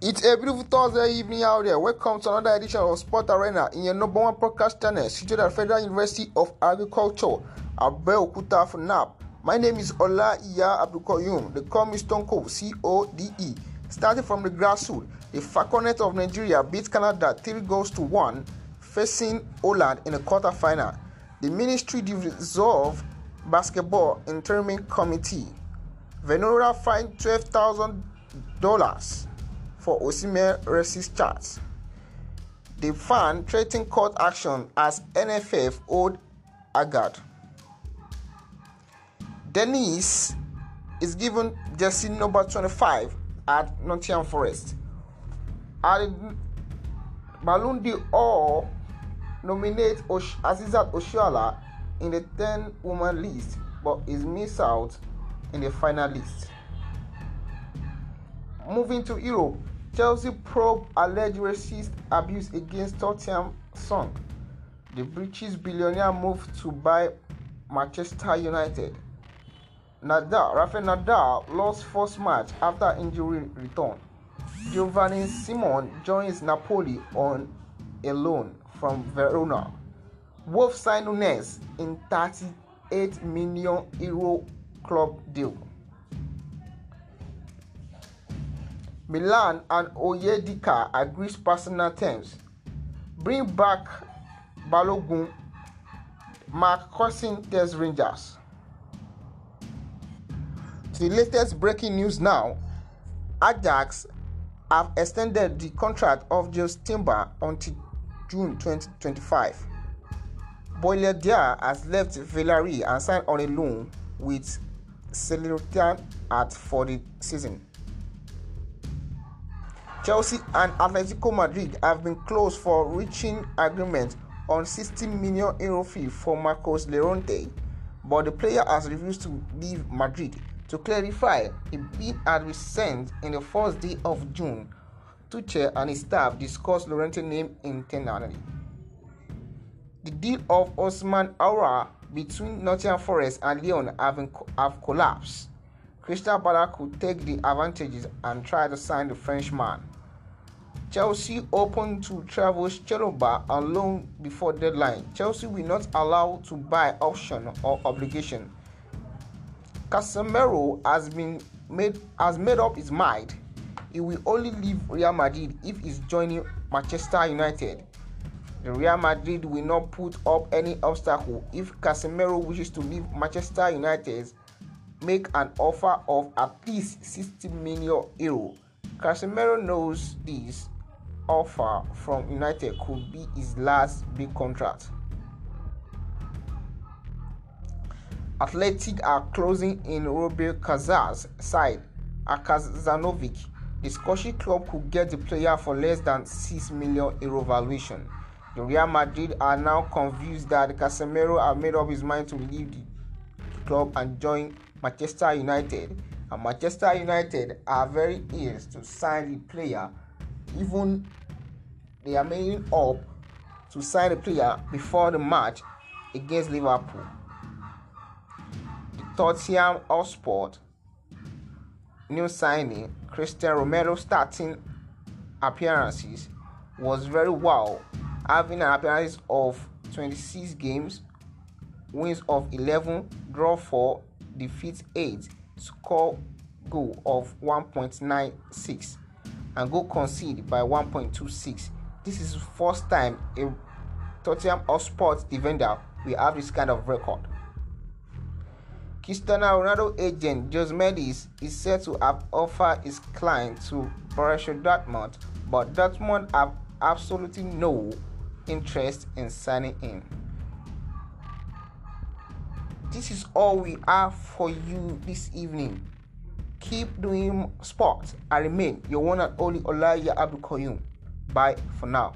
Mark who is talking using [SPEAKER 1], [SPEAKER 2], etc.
[SPEAKER 1] It's a beautiful Thursday evening out there. Welcome to another edition of Sport Arena in your number one podcast channel, situated at Federal University of Agriculture, Abeokuta, FNAP. My name is Ola Iya Abdukoyum. They call Stone Cold, C O D E. Starting from the grassroots, the Falconet of Nigeria beat Canada 3 goals to 1, facing Holland in the quarterfinal. The ministry dissolved basketball interim committee. Venora fined $12,000 for Osimhen resist charge. The fan threatened court action as NFF owed Agard. Denise is given jersey number 25 at Nottingham Forest. And Balloon d'Or nominate Osh- Azizat Oshiala in the 10 woman list but is missed out in the final list. Moving to Europe, Chelsea probe alleged racist abuse against Tottenham Son. The British billionaire moved to buy Manchester United. Nadal, Rafael Nadal lost first match after injury return. Giovanni Simon joins Napoli on a loan from Verona. Wolf signed Nunes in 38 million euro club deal. Milan and Oyedika agrees personal terms. Bring back Balogun. Mark Cousin tells Rangers. the latest breaking news now, Ajax have extended the contract of Jules Timber until June 2025. Boiledia has left Villarreal and signed on a loan with Celerian at for the season. Chelsea and Atletico Madrid have been close for reaching agreement on 60 million euro fee for Marcos Leronte, but the player has refused to leave Madrid. To clarify, a bid had been sent in the first day of June. Tuchel and his staff discussed Leronte's name internally. The deal of Osman Aura between Nottingham Forest and Lyon have, have collapsed. Crystal Palace could take the advantages and try to sign the Frenchman. Chelsea open to travel Chalobah alone before deadline. Chelsea will not allow to buy option or obligation. Casemiro has been made has made up his mind. He will only leave Real Madrid if he's joining Manchester United. The Real Madrid will not put up any obstacle if Casemiro wishes to leave Manchester United. Make an offer of at least 60 million euro. Casemiro knows this offer from United could be his last big contract. Athletic are closing in Robert Kazar's side, Akazanovic. The Scottish club could get the player for less than 6 million euro valuation. The Real Madrid are now convinced that Casemiro have made up his mind to leave the club and join Manchester United. And Manchester United are very eager to sign the player even they are making up to sign a player before the match against Liverpool. The Tottenham Hotspur new signing Christian Romero, starting appearances was very well, having an appearance of 26 games, wins of 11, draw 4, defeat 8, score goal of 1.96 and go concede by 1.26. This is first time a Tottenham Hotspur defender will have this kind of record. Cristiano Ronaldo agent Jose Mendes is said to have offered his client to Borussia Dortmund, but Dortmund have absolutely no interest in signing him. This is all we have for you this evening. Keep doing sports. I remain your one and only Olaya Abdul Koyum. Bye for now.